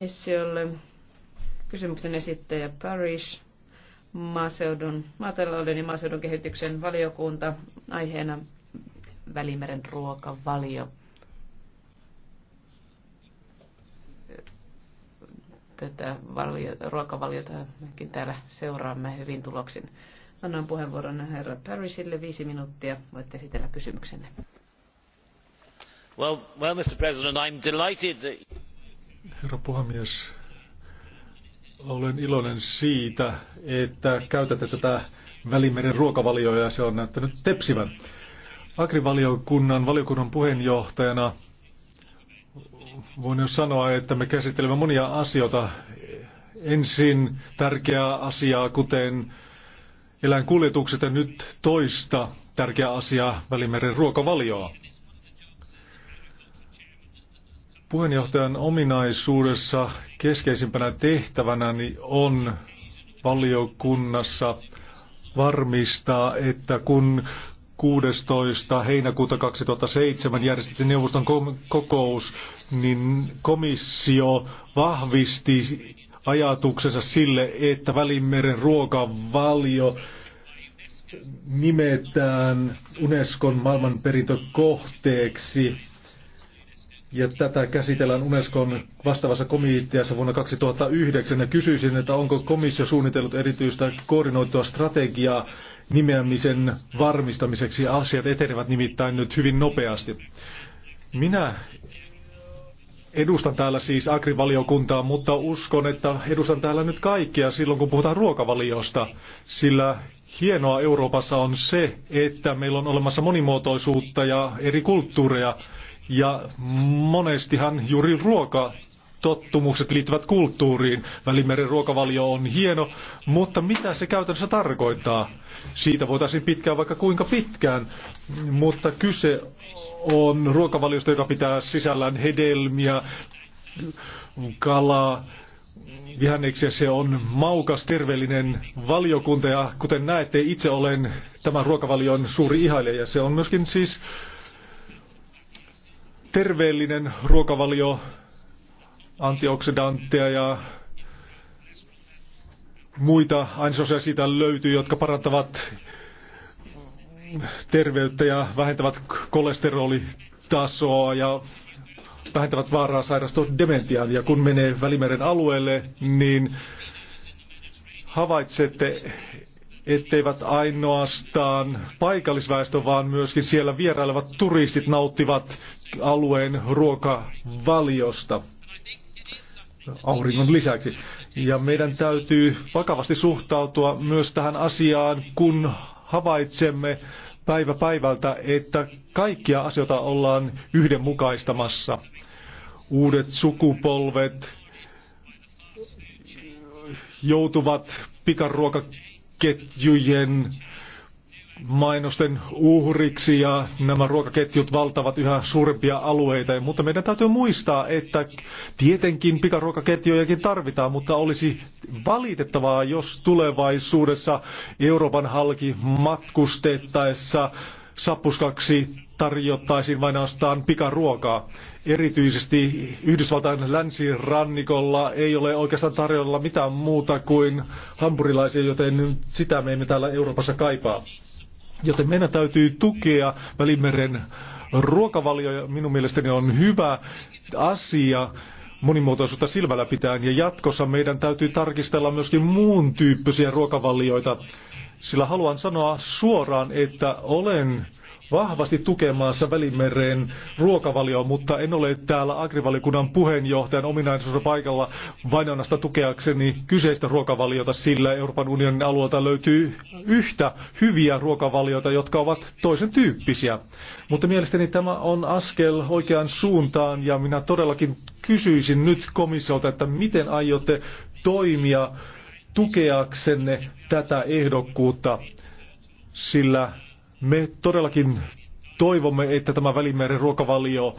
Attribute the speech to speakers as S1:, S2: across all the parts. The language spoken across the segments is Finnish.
S1: komissiolle. Kysymyksen esittäjä Parish, maaseudun, maatalouden ja maaseudun kehityksen valiokunta, aiheena Välimeren ruokavalio. Tätä valio, ruokavaliota mekin täällä seuraamme hyvin tuloksin. Annan puheenvuoron herra Parishille viisi minuuttia. Voitte esitellä kysymyksenne.
S2: Well, well, Mr. President, I'm delighted that
S3: Herra puhemies, olen iloinen siitä, että käytätte tätä Välimeren ruokavalioa ja se on näyttänyt tepsivän. Agrivaliokunnan valiokunnan puheenjohtajana voin jo sanoa, että me käsittelemme monia asioita. Ensin tärkeää asiaa, kuten eläinkuljetukset ja nyt toista tärkeää asiaa Välimeren ruokavalioa. Puheenjohtajan ominaisuudessa keskeisimpänä tehtävänäni niin on valiokunnassa varmistaa, että kun 16. heinäkuuta 2007 järjestettiin neuvoston kokous, niin komissio vahvisti ajatuksensa sille, että Välimeren ruokavalio nimetään Unescon maailmanperintökohteeksi ja tätä käsitellään Unescon vastaavassa komiteassa vuonna 2009. Ja kysyisin, että onko komissio suunnitellut erityistä koordinoitua strategiaa nimeämisen varmistamiseksi. Asiat etenevät nimittäin nyt hyvin nopeasti. Minä edustan täällä siis agrivaliokuntaa, mutta uskon, että edustan täällä nyt kaikkia silloin, kun puhutaan ruokavaliosta, sillä hienoa Euroopassa on se, että meillä on olemassa monimuotoisuutta ja eri kulttuureja. Ja monestihan juuri ruoka tottumukset liittyvät kulttuuriin. Välimeren ruokavalio on hieno, mutta mitä se käytännössä tarkoittaa? Siitä voitaisiin pitkään vaikka kuinka pitkään, mutta kyse on ruokavaliosta, joka pitää sisällään hedelmiä, kalaa, vihanneksia. Se on maukas, terveellinen valiokunta ja kuten näette, itse olen tämän ruokavalion suuri ihailija. Se on myöskin siis terveellinen ruokavalio, antioksidantteja ja muita ainesosia siitä löytyy, jotka parantavat terveyttä ja vähentävät kolesterolitasoa ja vähentävät vaaraa sairastua dementiaan. Ja kun menee Välimeren alueelle, niin havaitsette, etteivät ainoastaan paikallisväestö, vaan myöskin siellä vierailevat turistit nauttivat alueen ruokavaliosta auringon lisäksi. Ja meidän täytyy vakavasti suhtautua myös tähän asiaan, kun havaitsemme päivä päivältä, että kaikkia asioita ollaan yhdenmukaistamassa. Uudet sukupolvet joutuvat pikaruokaketjujen mainosten uhriksi ja nämä ruokaketjut valtavat yhä suurempia alueita, mutta meidän täytyy muistaa, että tietenkin pikaruokaketjujakin tarvitaan, mutta olisi valitettavaa, jos tulevaisuudessa Euroopan halki matkustettaessa sappuskaksi tarjottaisiin vain ainoastaan pikaruokaa. Erityisesti Yhdysvaltain länsirannikolla ei ole oikeastaan tarjolla mitään muuta kuin hampurilaisia, joten sitä me emme täällä Euroopassa kaipaa. Joten meidän täytyy tukea Välimeren ruokavalio ja minun mielestäni on hyvä asia monimuotoisuutta silmällä pitäen ja jatkossa meidän täytyy tarkistella myöskin muun tyyppisiä ruokavalioita, sillä haluan sanoa suoraan, että olen vahvasti tukemaassa Välimeren ruokavalioa, mutta en ole täällä agrivalikunnan puheenjohtajan ominaisuudessa paikalla vain ainoastaan tukeakseni kyseistä ruokavaliota, sillä Euroopan unionin alueelta löytyy yhtä hyviä ruokavalioita, jotka ovat toisen tyyppisiä. Mutta mielestäni tämä on askel oikeaan suuntaan ja minä todellakin kysyisin nyt komissiolta, että miten aiotte toimia tukeaksenne tätä ehdokkuutta, sillä me todellakin toivomme, että tämä Välimeren ruokavalio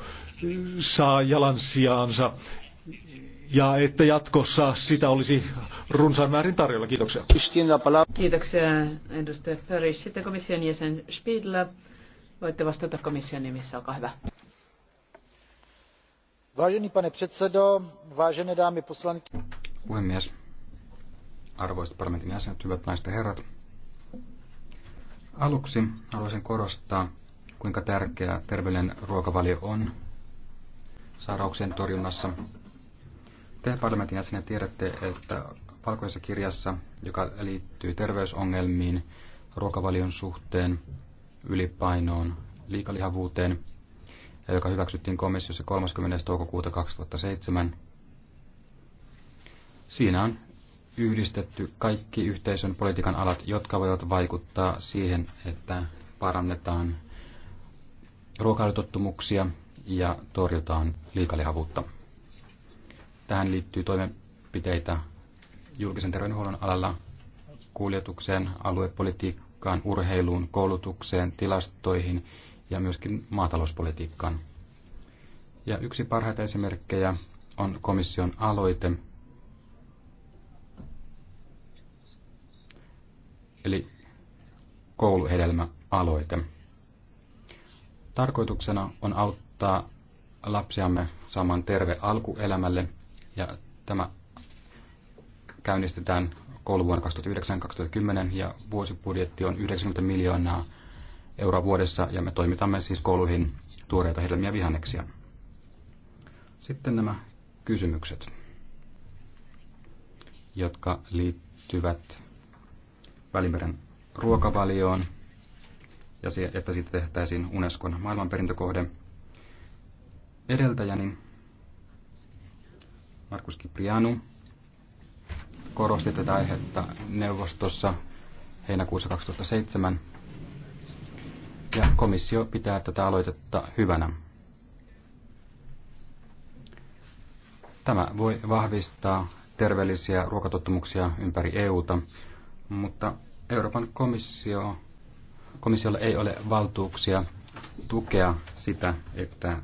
S3: saa jalansijaansa ja että jatkossa sitä olisi runsaan määrin tarjolla. Kiitoksia. Kiitoksia
S1: edustaja Ferris. Sitten komission jäsen Spiedler. Voitte vastata komission nimissä, olkaa hyvä.
S2: Vážený pane předsedo, vážené dámy
S4: poslanky. Puhemies, arvoisat parlamentin jäsenet, hyvät naiset ja herrat. Aluksi haluaisin korostaa, kuinka tärkeä terveellinen ruokavalio on sairauksien torjunnassa. Te parlamentin jäsenet tiedätte, että valkoisessa kirjassa, joka liittyy terveysongelmiin, ruokavalion suhteen, ylipainoon, liikalihavuuteen, ja joka hyväksyttiin komissiossa 30. toukokuuta 2007. Siinä on yhdistetty kaikki yhteisön politiikan alat, jotka voivat vaikuttaa siihen, että parannetaan ruokailutottumuksia ja torjutaan liikalihavuutta. Tähän liittyy toimenpiteitä julkisen terveydenhuollon alalla kuljetukseen, aluepolitiikkaan, urheiluun, koulutukseen, tilastoihin ja myöskin maatalouspolitiikkaan. Ja yksi parhaita esimerkkejä on komission aloite eli kouluhedelmäaloite. Tarkoituksena on auttaa lapsiamme saamaan terve alkuelämälle ja tämä käynnistetään kouluvuonna 2009-2010 ja vuosibudjetti on 90 miljoonaa euroa vuodessa ja me toimitamme siis kouluihin tuoreita hedelmiä vihanneksia. Sitten nämä kysymykset, jotka liittyvät Välimeren ruokavalioon ja se, että siitä tehtäisiin Unescon maailmanperintökohde. Edeltäjäni Markus Kiprianu korosti tätä aihetta neuvostossa heinäkuussa 2007 ja komissio pitää tätä aloitetta hyvänä. Tämä voi vahvistaa terveellisiä ruokatottumuksia ympäri EUta, mutta Euroopan komissio, komissiolla ei ole valtuuksia tukea sitä, että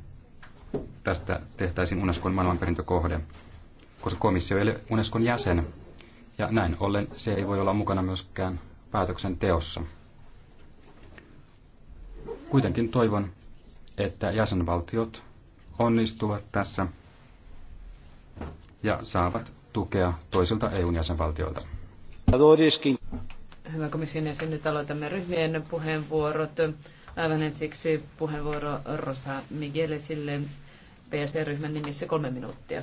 S4: tästä tehtäisiin Unescon maailmanperintökohde, koska komissio ei ole Unescon jäsen, ja näin ollen se ei voi olla mukana myöskään päätöksenteossa. Kuitenkin toivon, että jäsenvaltiot onnistuvat tässä ja saavat tukea toisilta EUn jäsenvaltioilta.
S1: Hyvä komission jäsen, nyt aloitamme ryhmien puheenvuorot. Aivan ensiksi puheenvuoro Rosa Miguelesille PSC-ryhmän nimissä kolme minuuttia.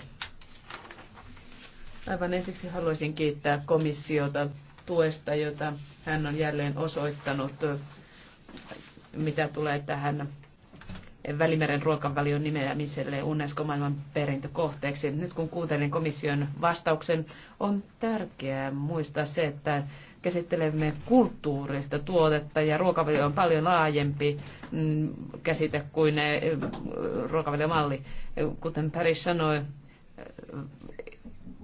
S1: Aivan ensiksi haluaisin kiittää komissiota tuesta, jota hän on jälleen osoittanut, mitä tulee tähän Välimeren ruokavalion nimeämiselle UNESCO maailman perintökohteeksi. Nyt kun kuuntelen komission vastauksen, on tärkeää muistaa se, että käsittelemme kulttuurista tuotetta ja ruokavalio on paljon laajempi mm, käsite kuin eh, ruokavaliomalli. Kuten Paris sanoi,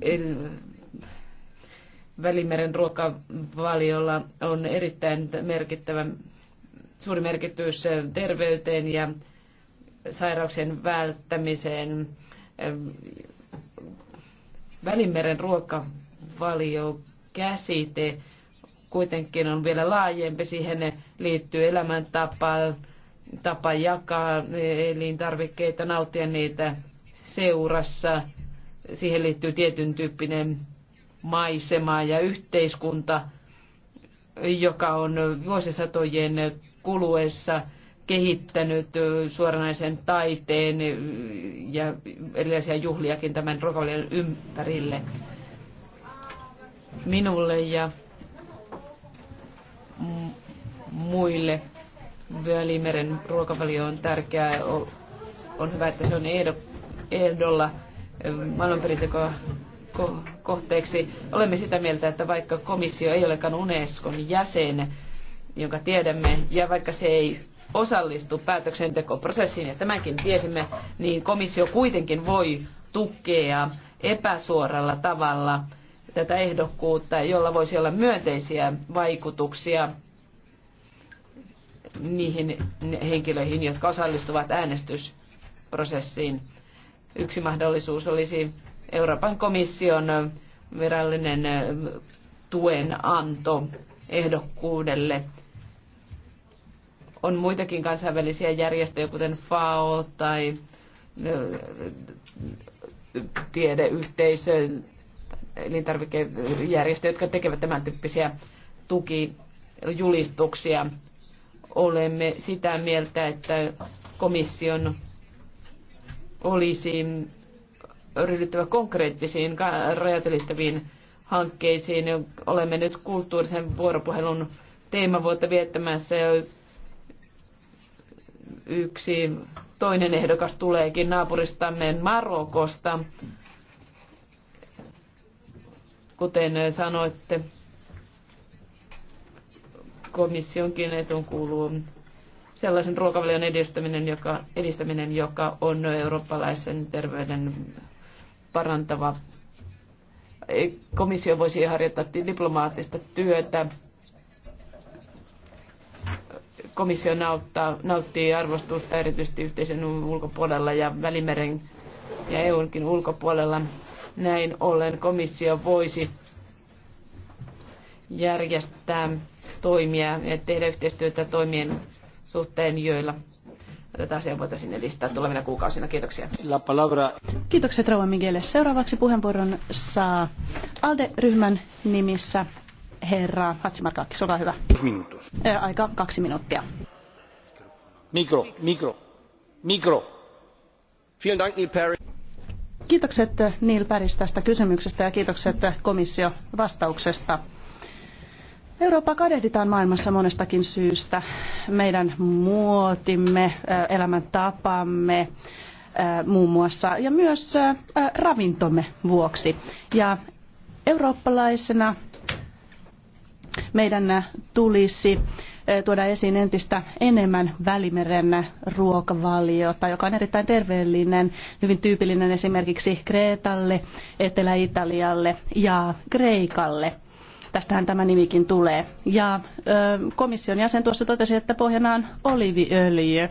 S1: eh, Välimeren ruokavaliolla on erittäin merkittävä suuri merkitys eh, terveyteen ja sairauksien välttämiseen. Ähm, Välimeren ruokavalio käsite kuitenkin on vielä laajempi. Siihen liittyy elämäntapa, tapa jakaa elintarvikkeita, nauttia niitä seurassa. Siihen liittyy tietyn tyyppinen maisema ja yhteiskunta, joka on vuosisatojen kuluessa – kehittänyt suoranaisen taiteen ja erilaisia juhliakin tämän rokavalion ympärille minulle ja muille. Välimeren ruokavalio on tärkeää. On hyvä, että se on ehdolla maailmanperintökohteeksi. kohteeksi. Olemme sitä mieltä, että vaikka komissio ei olekaan Unescon jäsen, jonka tiedämme, ja vaikka se ei osallistu päätöksentekoprosessiin, ja tämänkin tiesimme, niin komissio kuitenkin voi tukea epäsuoralla tavalla tätä ehdokkuutta, jolla voisi olla myönteisiä vaikutuksia niihin henkilöihin, jotka osallistuvat äänestysprosessiin. Yksi mahdollisuus olisi Euroopan komission virallinen tuen anto ehdokkuudelle on muitakin kansainvälisiä järjestöjä, kuten FAO tai tiedeyhteisö, elintarvikejärjestö, jotka tekevät tämän tyyppisiä tukijulistuksia. Olemme sitä mieltä, että komission olisi ryhdyttävä konkreettisiin rajatelistäviin hankkeisiin. Olemme nyt kulttuurisen vuoropuhelun teemavuotta viettämässä yksi toinen ehdokas tuleekin naapuristamme Marokosta. Kuten sanoitte, komissionkin etun kuuluu sellaisen ruokavalion edistäminen, joka, edistäminen, joka on eurooppalaisen terveyden parantava. Komissio voisi harjoittaa diplomaattista työtä komissio nauttaa, nauttii arvostusta erityisesti yhteisen ulkopuolella ja Välimeren ja EUnkin ulkopuolella. Näin ollen komissio voisi järjestää toimia ja tehdä yhteistyötä toimien suhteen, joilla tätä asiaa voitaisiin edistää tulevina kuukausina. Kiitoksia. La palabra.
S5: Kiitokset Rauha Seuraavaksi puheenvuoron saa ALDE-ryhmän nimissä Herra Hatsimarkakis, olkaa hyvä. Aika kaksi minuuttia.
S2: Mikro, mikro, mikro. Vielen Dank,
S5: Kiitokset Neil Paris tästä kysymyksestä ja kiitokset komissio vastauksesta. Eurooppaa kadehditaan maailmassa monestakin syystä. Meidän muotimme, elämäntapamme, muun muassa, ja myös ravintomme vuoksi. Ja eurooppalaisena meidän tulisi tuoda esiin entistä enemmän Välimeren ruokavaliota, joka on erittäin terveellinen, hyvin tyypillinen esimerkiksi Kreetalle, Etelä-Italialle ja Kreikalle. Tästähän tämä nimikin tulee. Ja komission jäsen tuossa totesi, että pohjana on oliiviöljy.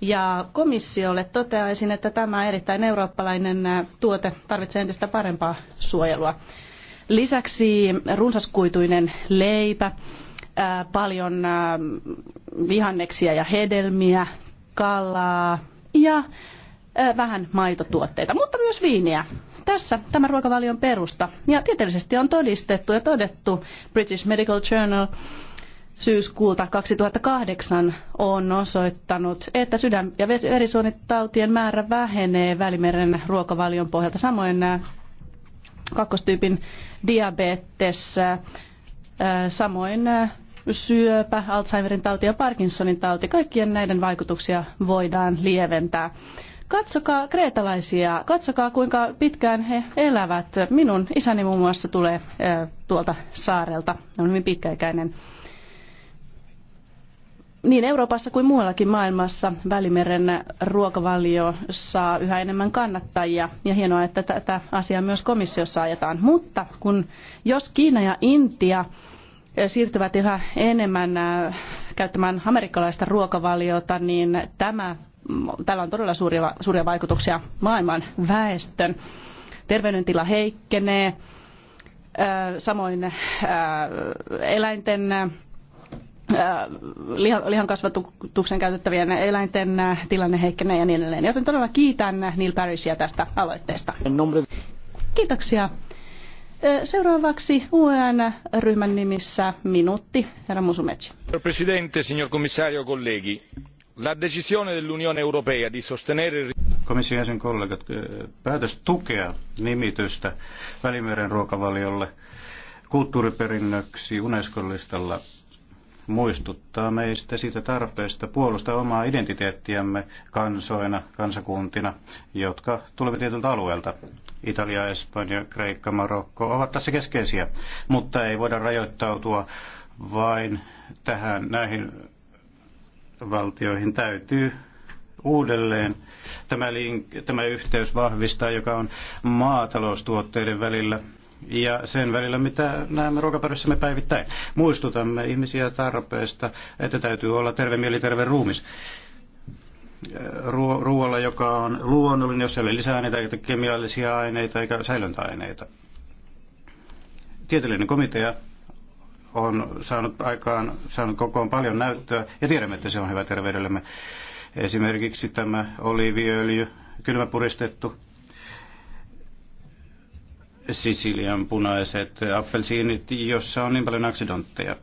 S5: Ja komissiolle toteaisin, että tämä erittäin eurooppalainen tuote tarvitsee entistä parempaa suojelua. Lisäksi runsaskuituinen leipä, paljon vihanneksia ja hedelmiä, kalaa ja vähän maitotuotteita, mutta myös viiniä. Tässä tämä ruokavalion perusta. Ja tieteellisesti on todistettu ja todettu British Medical Journal syyskuulta 2008 on osoittanut, että sydän- ja verisuonitautien määrä vähenee Välimeren ruokavalion pohjalta. Samoin nämä kakkostyypin diabetes, samoin syöpä, Alzheimerin tauti ja Parkinsonin tauti. Kaikkien näiden vaikutuksia voidaan lieventää. Katsokaa kreetalaisia, katsokaa kuinka pitkään he elävät. Minun isäni muun muassa tulee tuolta saarelta, on hyvin pitkäikäinen niin Euroopassa kuin muuallakin maailmassa Välimeren ruokavalio saa yhä enemmän kannattajia ja hienoa, että tätä asiaa myös komissiossa ajetaan. Mutta kun, jos Kiina ja Intia eh, siirtyvät yhä enemmän eh, käyttämään amerikkalaista ruokavaliota, niin tämä, mm, tällä on todella suuria, suuria vaikutuksia maailman väestön. Terveydentila heikkenee, eh, samoin eläinten Äh, lihan kasvatuksen käytettävien eläinten äh, tilanne heikkenee ja niin edelleen. Joten todella kiitän äh, Neil Parishia tästä aloitteesta. Kiitoksia. Seuraavaksi UN-ryhmän e nimissä minuutti, herra Musumeci.
S2: Presidente, signor commissario, colleghi. La decisione dell'Unione Europea di sostenere... Komission jäsen kollegat, päätös tukea nimitystä Välimeren ruokavaliolle kulttuuriperinnöksi Unesco-listalla muistuttaa meistä siitä tarpeesta puolustaa omaa identiteettiämme kansoina, kansakuntina, jotka tulevat tietyltä alueelta. Italia, Espanja, Kreikka, Marokko ovat tässä keskeisiä, mutta ei voida rajoittautua vain tähän näihin valtioihin täytyy uudelleen tämä, link, tämä yhteys vahvistaa, joka on maataloustuotteiden välillä ja sen välillä, mitä näemme ruokapöydässämme päivittäin. Muistutamme ihmisiä tarpeesta, että täytyy olla terve mieli, terve ruumis äh, ruoalla, joka on luonnollinen, jos ei ole lisäaineita eikä kemiallisia aineita eikä säilöntäaineita. Tieteellinen komitea on saanut aikaan, saanut kokoon paljon näyttöä ja tiedämme, että se on hyvä terveydellemme. Esimerkiksi tämä oliiviöljy, kylmäpuristettu, Sisilian punaiset appelsiinit, jossa on niin paljon aksidontteja.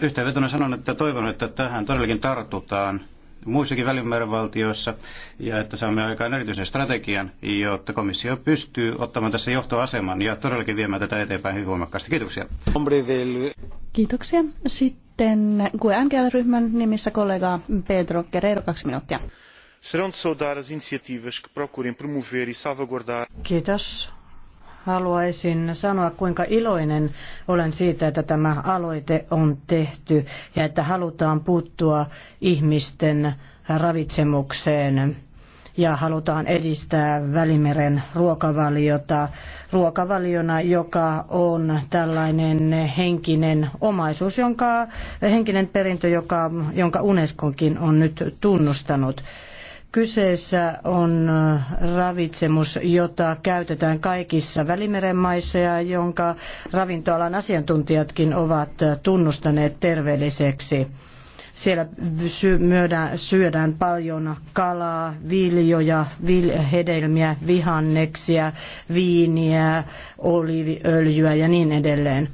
S2: Yhteenvetona sanon, että toivon, että tähän todellakin tartutaan muissakin välimeren valtioissa ja että saamme aikaan erityisen strategian, jotta komissio pystyy ottamaan tässä johtoaseman ja todellakin viemään tätä eteenpäin hyvin voimakkaasti. Kiitoksia.
S5: Kiitoksia. Sitten GNGL-ryhmän nimissä kollega Pedro Guerrero, kaksi minuuttia
S3: serão de saudar as iniciativas que procurem promover e salvaguardar.
S6: Kiitos. Haluaisin sanoa, kuinka iloinen olen siitä, että tämä aloite on tehty ja että halutaan puuttua ihmisten ravitsemukseen ja halutaan edistää Välimeren ruokavaliota ruokavaliona, joka on tällainen henkinen omaisuus, jonka, henkinen perintö, joka, jonka Unescokin on nyt tunnustanut. Kyseessä on äh, ravitsemus, jota käytetään kaikissa Välimeren maissa ja jonka ravintoalan asiantuntijatkin ovat äh, tunnustaneet terveelliseksi. Siellä syödään paljon kalaa, viljoja, hedelmiä, vihanneksia, viiniä, oliiviöljyä ja niin edelleen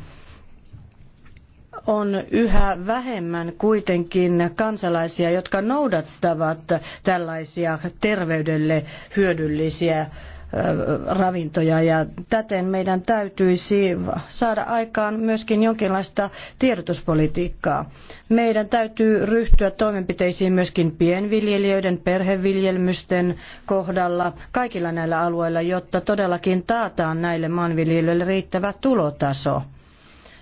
S6: on yhä vähemmän kuitenkin kansalaisia, jotka noudattavat tällaisia terveydelle hyödyllisiä ravintoja ja täten meidän täytyisi saada aikaan myöskin jonkinlaista tiedotuspolitiikkaa. Meidän täytyy ryhtyä toimenpiteisiin myöskin pienviljelijöiden, perheviljelmysten kohdalla kaikilla näillä alueilla, jotta todellakin taataan näille maanviljelijöille riittävä tulotaso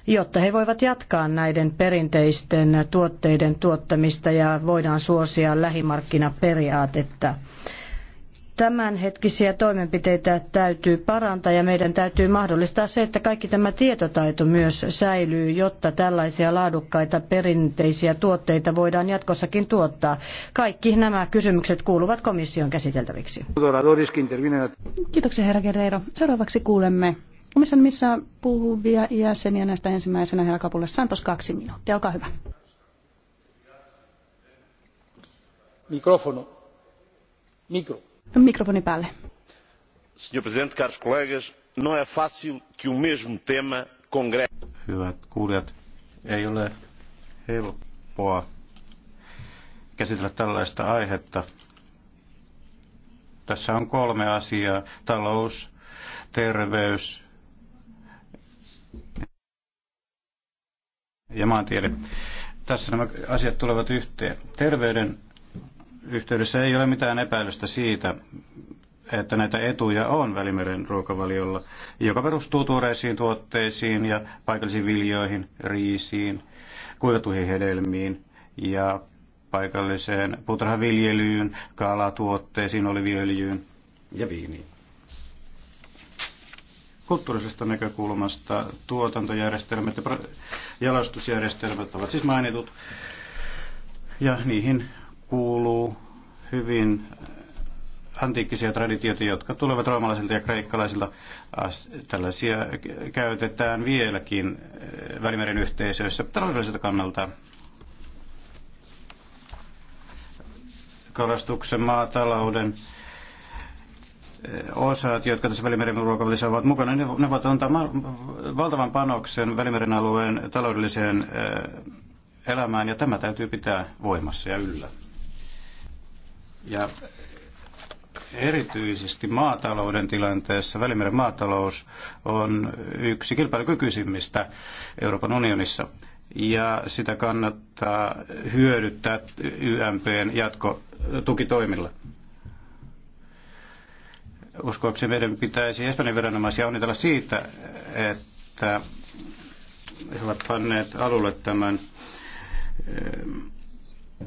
S6: jotta he voivat jatkaa näiden perinteisten tuotteiden tuottamista ja voidaan suosia lähimarkkinaperiaatetta tämänhetkisiä toimenpiteitä täytyy parantaa ja meidän täytyy mahdollistaa se, että kaikki tämä tietotaito myös säilyy, jotta tällaisia laadukkaita perinteisiä tuotteita voidaan jatkossakin tuottaa. Kaikki nämä kysymykset kuuluvat komission käsiteltäviksi. Kiitoksia herra Guerreiro. Seuraavaksi
S5: kuulemme Komission missä puhuvia jäseniä näistä ensimmäisenä Kapulle Santos kaksi minuuttia. Olkaa hyvä.
S4: Mikrofono.
S2: Mikro.
S5: Mikrofoni päälle.
S2: Signor Presidente, caros colegas, não é fácil que un mesmo tema congregue. Hyvät kuulijat, ei ole helppoa käsitellä tällaista aihetta. Tässä on kolme asiaa. Talous, terveys ja maantiede. Tässä nämä asiat tulevat yhteen. Terveyden yhteydessä ei ole mitään epäilystä siitä, että näitä etuja on Välimeren ruokavaliolla, joka perustuu tuoreisiin tuotteisiin ja paikallisiin viljoihin, riisiin, kuivatuihin hedelmiin ja paikalliseen puutarhaviljelyyn, kalatuotteisiin, oliviöljyyn ja viiniin kulttuurisesta näkökulmasta tuotantojärjestelmät ja jalostusjärjestelmät ovat siis mainitut. Ja niihin kuuluu hyvin äh, antiikkisia traditioita, jotka tulevat roomalaisilta ja kreikkalaisilta. Äh, tällaisia käytetään vieläkin äh, Välimeren yhteisöissä taloudelliselta kannalta. Kalastuksen, maatalouden, osat, jotka tässä Välimeren ruokavälissä ovat mukana, niin ne, ne voivat antaa valtavan panoksen Välimeren alueen taloudelliseen elämään, ja tämä täytyy pitää voimassa ja yllä. Ja erityisesti maatalouden tilanteessa Välimeren maatalous on yksi kilpailukykyisimmistä Euroopan unionissa ja sitä kannattaa hyödyttää YMPn jatkotukitoimilla. Uskoakseni meidän pitäisi Espanjan viranomaisia onnitella siitä, että he ovat panneet alulle tämän eh,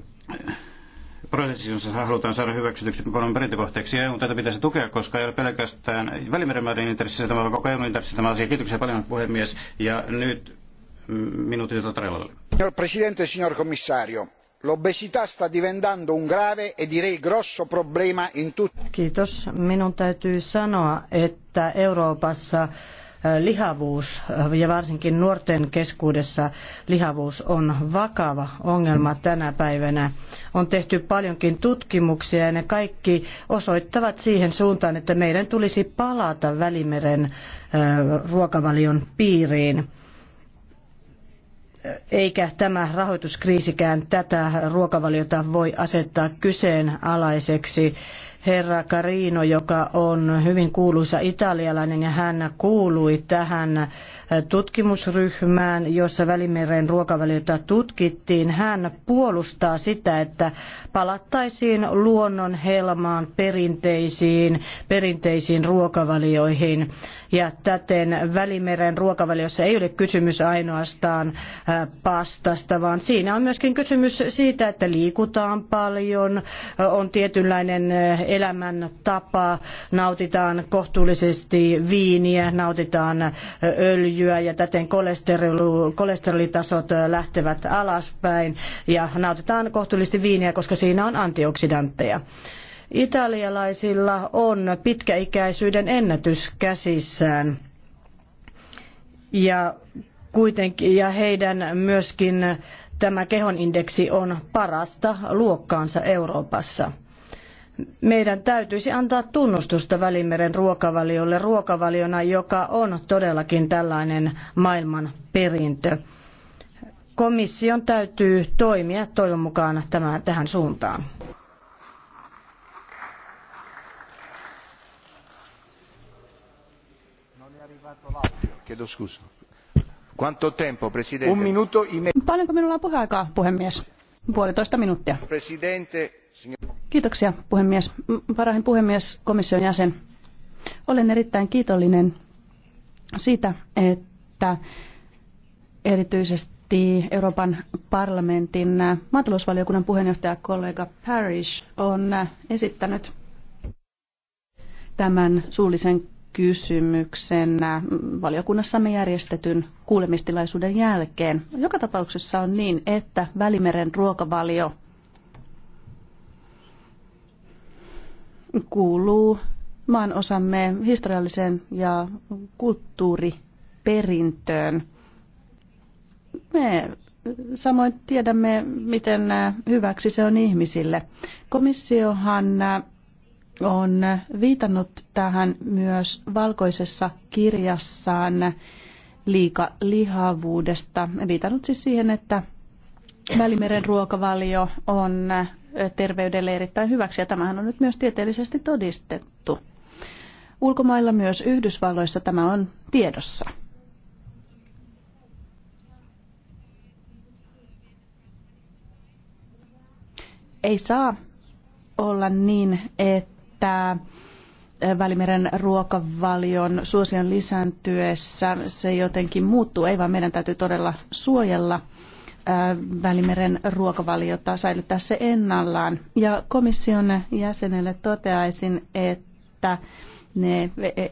S2: prosessi, jossa halutaan saada hyväksytyksi paljon perintökohteeksi. EU tätä pitäisi tukea, koska ei ole pelkästään Välimeren maiden intressissä tämä, vaan koko EUn intressissä tämä asia. Kiitoksia paljon puhemies. Ja nyt minuutin jotain
S4: Signor Presidente, signor Commissario l'obesità sta diventando un grave e direi grosso problema in tutti.
S6: Kiitos. Minun täytyy sanoa, että Euroopassa eh, lihavuus eh, ja varsinkin nuorten keskuudessa lihavuus on vakava ongelma tänä päivänä. On tehty paljonkin tutkimuksia ja ne kaikki osoittavat siihen suuntaan, että meidän tulisi palata Välimeren eh, ruokavalion piiriin eikä tämä rahoituskriisikään tätä ruokavaliota voi asettaa kyseenalaiseksi. Herra Carino, joka on hyvin kuuluisa italialainen ja hän kuului tähän tutkimusryhmään, jossa Välimeren ruokavaliota tutkittiin. Hän puolustaa sitä, että palattaisiin luonnon helmaan perinteisiin, perinteisiin ruokavalioihin. Ja täten Välimeren ruokavaliossa ei ole kysymys ainoastaan pastasta, vaan siinä on myöskin kysymys siitä, että liikutaan paljon, on tietynlainen elämäntapa, nautitaan kohtuullisesti viiniä, nautitaan öljyä, öljyä ja täten kolesterolitasot lähtevät alaspäin ja nautitaan kohtuullisesti viiniä, koska siinä on antioksidantteja. Italialaisilla on pitkäikäisyyden ennätys käsissään. Ja kuitenkin, ja heidän myöskin tämä kehonindeksi on parasta luokkaansa Euroopassa meidän täytyisi antaa tunnustusta Välimeren ruokavaliolle ruokavaliona, joka on todellakin tällainen maailman perintö. Komission täytyy toimia toivon mukaan tämän, tähän suuntaan.
S2: Quanto tempo, presidente? Un minuto e Paljonko
S5: minulla on puheaikaa, puhemies? Puolitoista minuuttia.
S2: Presidente, signor...
S5: Kiitoksia puhemies. Varahin puhemies, komission jäsen. Olen erittäin kiitollinen siitä, että erityisesti Euroopan parlamentin maatalousvaliokunnan puheenjohtaja kollega Parrish on esittänyt tämän suullisen kysymyksen valiokunnassamme järjestetyn kuulemistilaisuuden jälkeen. Joka tapauksessa on niin, että Välimeren ruokavalio – kuuluu maan osamme historialliseen ja kulttuuriperintöön. Me samoin tiedämme, miten hyväksi se on ihmisille. Komissiohan on viitannut tähän myös valkoisessa kirjassaan liikalihavuudesta. Viitannut siis siihen, että Välimeren ruokavalio on äh, terveydelle erittäin hyväksi ja tämähän on nyt myös tieteellisesti todistettu. Ulkomailla myös Yhdysvalloissa tämä on tiedossa. Ei saa olla niin, että äh, Välimeren ruokavalion suosion lisääntyessä se jotenkin muuttuu. Ei vaan meidän täytyy todella suojella – Äh, Välimeren ruokavaliota, säilyttää se ennallaan. Ja komission jäsenelle toteaisin, että ne, e, e,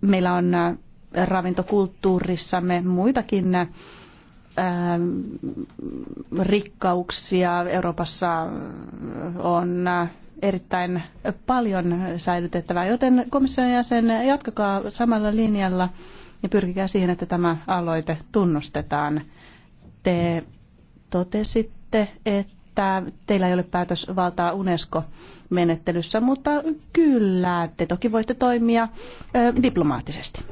S5: meillä on äh, ravintokulttuurissamme muitakin äh, rikkauksia. Euroopassa on erittäin paljon säilytettävää, joten komission jäsen, jatkakaa samalla linjalla ja pyrkikää siihen, että tämä aloite tunnustetaan. Te totesitte, että teillä ei ole päätösvaltaa UNESCO-menettelyssä, mutta kyllä, te toki voitte toimia ö, diplomaattisesti.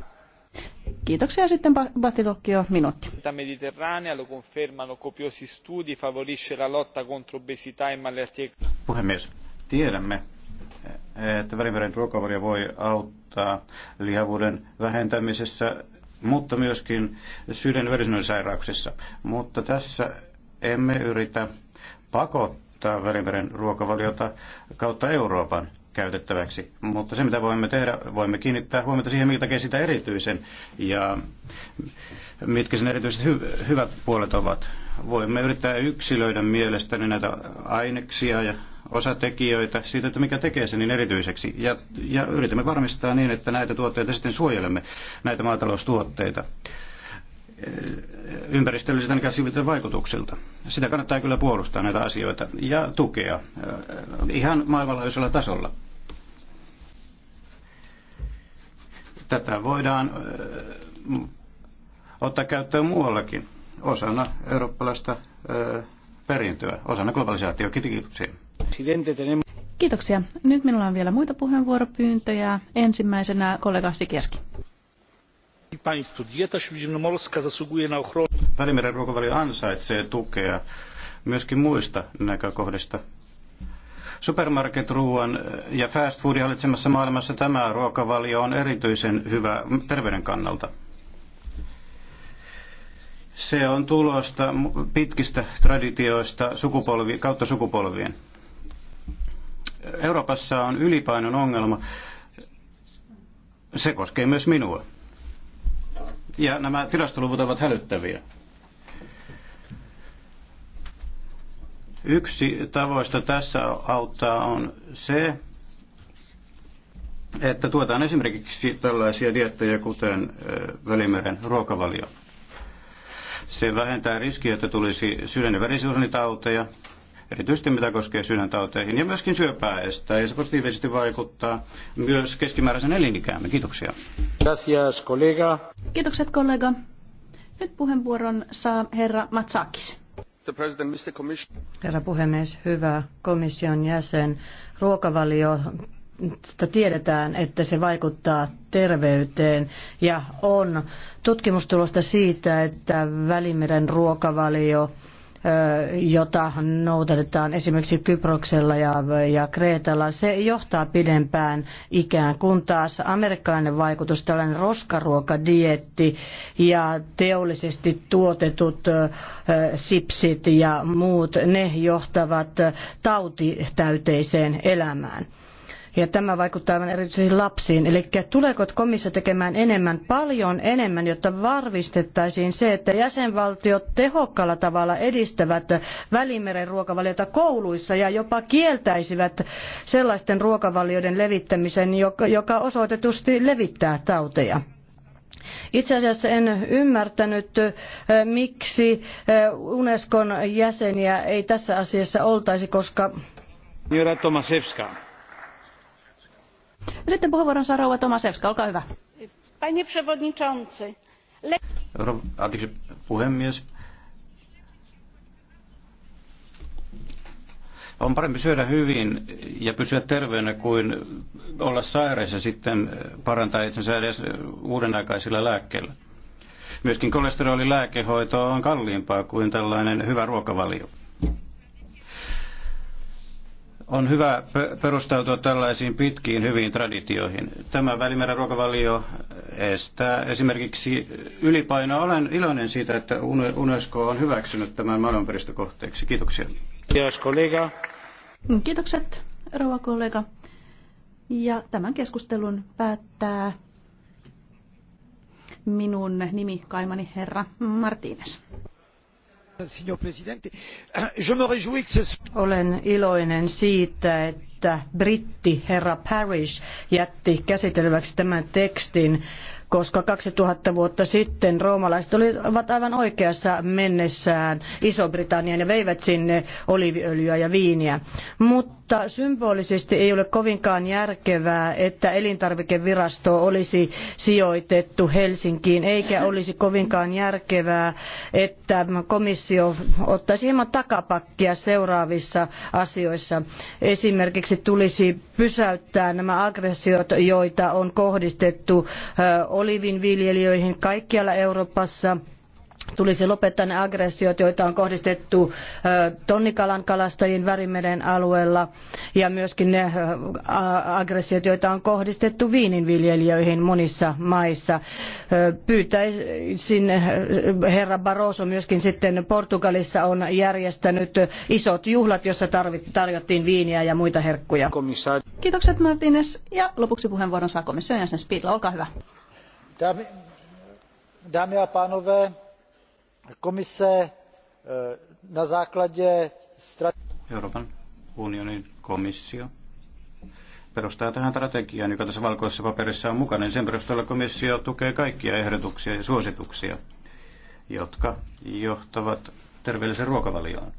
S5: Kiitoksia sitten Batilokio minuutti.
S2: Mediterranea lo confermano copiosi studi favorisce la lotta contro obesità e malattie. Puhemies, tiedämme, e, että välimeren ruokavalio voi auttaa lihavuuden vähentämisessä mutta myöskin sydän- ja Mutta tässä emme yritä pakottaa Välimeren ruokavaliota kautta Euroopan käytettäväksi. Mutta se, mitä voimme tehdä, voimme kiinnittää huomiota siihen, mikä tekee sitä erityisen ja mitkä sen erityiset hy- hyvät puolet ovat. Voimme yrittää yksilöidä mielestäni näitä aineksia ja osatekijöitä siitä, että mikä tekee sen niin erityiseksi. Ja, ja yritämme varmistaa niin, että näitä tuotteita sitten suojelemme, näitä maataloustuotteita eh, ympäristöllisiltä käsiviltä vaikutuksilta. Sitä kannattaa kyllä puolustaa näitä asioita ja tukea eh, ihan maailmanlaajuisella tasolla. Tätä voidaan eh, ottaa käyttöön muuallakin osana eurooppalaista perintöä, osana globalisaatiokitikyyksiä presidente. Tenemos...
S5: Kiitoksia. Nyt minulla on vielä muita puheenvuoropyyntöjä. Ensimmäisenä kollega Sikiaski.
S2: Välimeren ruokavalio ansaitsee tukea myöskin muista näkökohdista. Supermarket-ruoan eh, ja fast foodin hallitsemassa maailmassa tämä ruokavalio on erityisen hyvä terveyden kannalta. Se on tulosta pitkistä traditioista sukupolvi, kautta sukupolvien. Euroopassa on ylipainon ongelma. Se koskee myös minua. Ja nämä tilastoluvut ovat hälyttäviä. Yksi tavoista tässä auttaa on se, että tuetaan esimerkiksi tällaisia diettejä kuten Välimeren ruokavalio. Se vähentää riskiä, että tulisi sydän- ja verisuonitauteja, erityisesti mitä koskee sydäntauteihin ja myöskin syöpää estää. Ja se positiivisesti vaikuttaa myös keskimääräisen elinikäämme. Kiitoksia. Gracias, kollega.
S6: Kiitokset, kollega. Nyt puheenvuoron saa herra Matsakis. Herra puhemies, hyvä komission jäsen. Ruokavalio tiedetään, että se vaikuttaa terveyteen ja on tutkimustulosta siitä, että Välimeren ruokavalio jota noudatetaan esimerkiksi Kyproksella ja, ja Kreetalla, se johtaa pidempään ikään kuin taas amerikkalainen vaikutus, tällainen roskaruokadietti ja teollisesti tuotetut sipsit ja muut, ne johtavat tautitäyteiseen elämään ja tämä vaikuttaa aivan erityisesti lapsiin. Eli tuleeko komissio tekemään enemmän, paljon enemmän, jotta varmistettaisiin se, että jäsenvaltiot tehokkaalla tavalla edistävät Välimeren ruokavaliota kouluissa ja jopa kieltäisivät sellaisten ruokavalioiden levittämisen, joka osoitetusti levittää tauteja. Itse asiassa en ymmärtänyt, miksi Unescon jäseniä ei tässä asiassa oltaisi, koska...
S2: Tomasevska.
S6: Sitten puheenvuoron saa rouva Tomasevska, olkaa hyvä. Panie przewodniczący.
S2: Le- Anteeksi, puhemies. on parempi syödä hyvin ja pysyä terveenä kuin olla sairaus ja sitten parantaa itsensä edes uudenaikaisilla lääkkeillä. Myöskin kolesterolilääkehoito on kalliimpaa kuin tällainen hyvä ruokavalio. On hyvä perustautua tällaisiin pitkiin hyviin traditioihin. Tämä Välimeren ruokavalio estää esimerkiksi ylipainoa. Olen iloinen siitä, että UNESCO on hyväksynyt tämän maailmanperistökohteeksi. Kiitoksia. Kiitos kollega.
S5: Kiitokset, rouva kollega. Ja tämän keskustelun päättää minun nimi kaimani herra Martínez.
S6: Olen iloinen siitä, että britti herra Parish jätti käsiteltäväksi tämän tekstin, koska 2000 vuotta sitten roomalaiset olivat aivan oikeassa mennessään iso britanniaan ja veivät sinne oliiviöljyä ja viiniä. Mutta mutta symbolisesti ei ole kovinkaan järkevää, että elintarvikevirasto olisi sijoitettu Helsinkiin, eikä olisi kovinkaan järkevää, että komissio ottaisi hieman takapakkia seuraavissa asioissa. Esimerkiksi tulisi pysäyttää nämä aggressiot, joita on kohdistettu olivinviljelijöihin kaikkialla Euroopassa – tulisi lopettaa ne aggressiot, joita on kohdistettu tonnikalan kalastajiin Värimeren alueella ja myöskin ne aggressiot, joita on kohdistettu viininviljelijöihin monissa maissa. Pyytäisin herra Barroso myöskin sitten Portugalissa on järjestänyt isot juhlat, jossa tarjottiin viiniä ja muita herkkuja. Komissaari. Kiitokset Martínez ja lopuksi puheenvuoron saa komission jäsen Spidla. Olkaa hyvä.
S2: Dámy a panove komise eh, na základě Euroopan unionin komissio perustaa tähän joka tässä valkoisessa paperissa on mukana. Niin sen perusteella komissio tukee kaikkia ehdotuksia ja suosituksia, jotka johtavat terveelliseen ruokavalioon.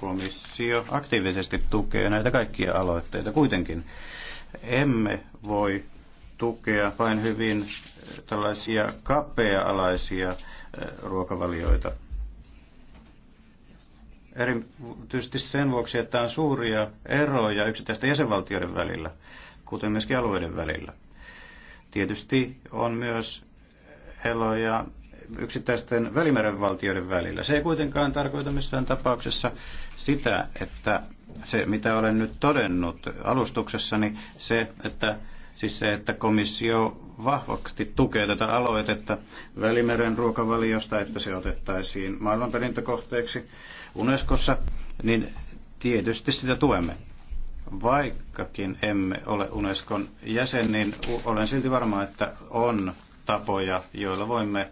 S2: Komissio aktiivisesti tukee näitä kaikkia aloitteita. Kuitenkin emme voi tukea vain hyvin eh, tällaisia kapea-alaisia eh, ruokavalioita. Erityisesti sen vuoksi, että on suuria eroja yksittäisten jäsenvaltioiden välillä, kuten myöskin alueiden välillä. Tietysti on myös eloja yksittäisten välimeren valtioiden välillä. Se ei kuitenkaan tarkoita missään tapauksessa sitä, että se mitä olen nyt todennut alustuksessani, se, että Siis se, että komissio vahvasti tukee tätä aloitetta Välimeren ruokavaliosta, että se otettaisiin maailmanperintökohteeksi Unescossa, niin tietysti sitä tuemme. Vaikkakin emme ole Unescon jäsen, niin olen silti varma, että on tapoja, joilla voimme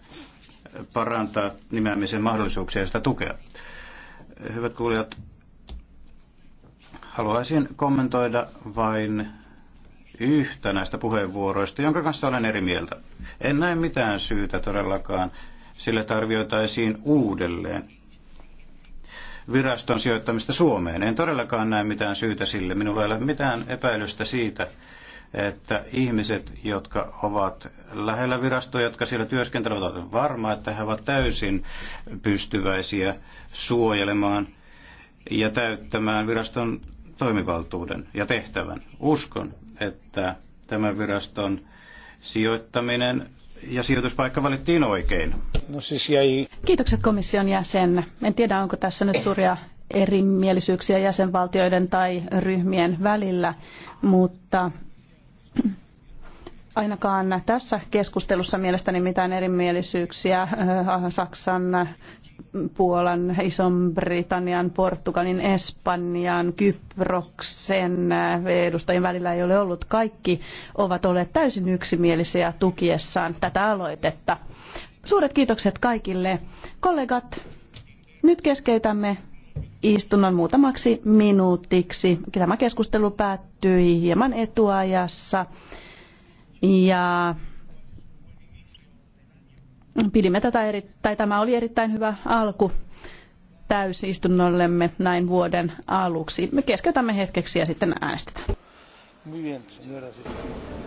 S2: parantaa nimeämisen mahdollisuuksia ja sitä tukea. Hyvät kuulijat, haluaisin kommentoida vain yhtä näistä puheenvuoroista, jonka kanssa olen eri mieltä. En näe mitään syytä todellakaan, sillä tarvioitaisiin uudelleen viraston sijoittamista Suomeen. En todellakaan näe mitään syytä sille. Minulla ei ole mitään epäilystä siitä, että ihmiset, jotka ovat lähellä virastoja, jotka siellä työskentelevät, ovat varma, että he ovat täysin pystyväisiä suojelemaan ja täyttämään viraston toimivaltuuden ja tehtävän. Uskon, että tämän viraston sijoittaminen ja sijoituspaikka valittiin oikein. No siis jäi...
S5: Kiitokset komission jäsen. En tiedä, onko tässä nyt suuria erimielisyyksiä jäsenvaltioiden tai ryhmien välillä, mutta ainakaan tässä keskustelussa mielestäni mitään erimielisyyksiä äh, Saksan Puolan, Ison-Britannian, Portugalin, Espanjan, Kyproksen eh, edustajien välillä ei ole ollut. Kaikki ovat olleet täysin yksimielisiä tukiessaan tätä aloitetta. Suuret kiitokset kaikille. Kollegat, nyt keskeytämme istunnon muutamaksi minuutiksi. Tämä keskustelu päättyi hieman etuajassa. Ja Pidimme tätä eri, tai tämä oli erittäin hyvä alku täysistunnollemme näin vuoden aluksi. Me keskeytämme hetkeksi ja sitten äänestetään.
S2: Muy bien,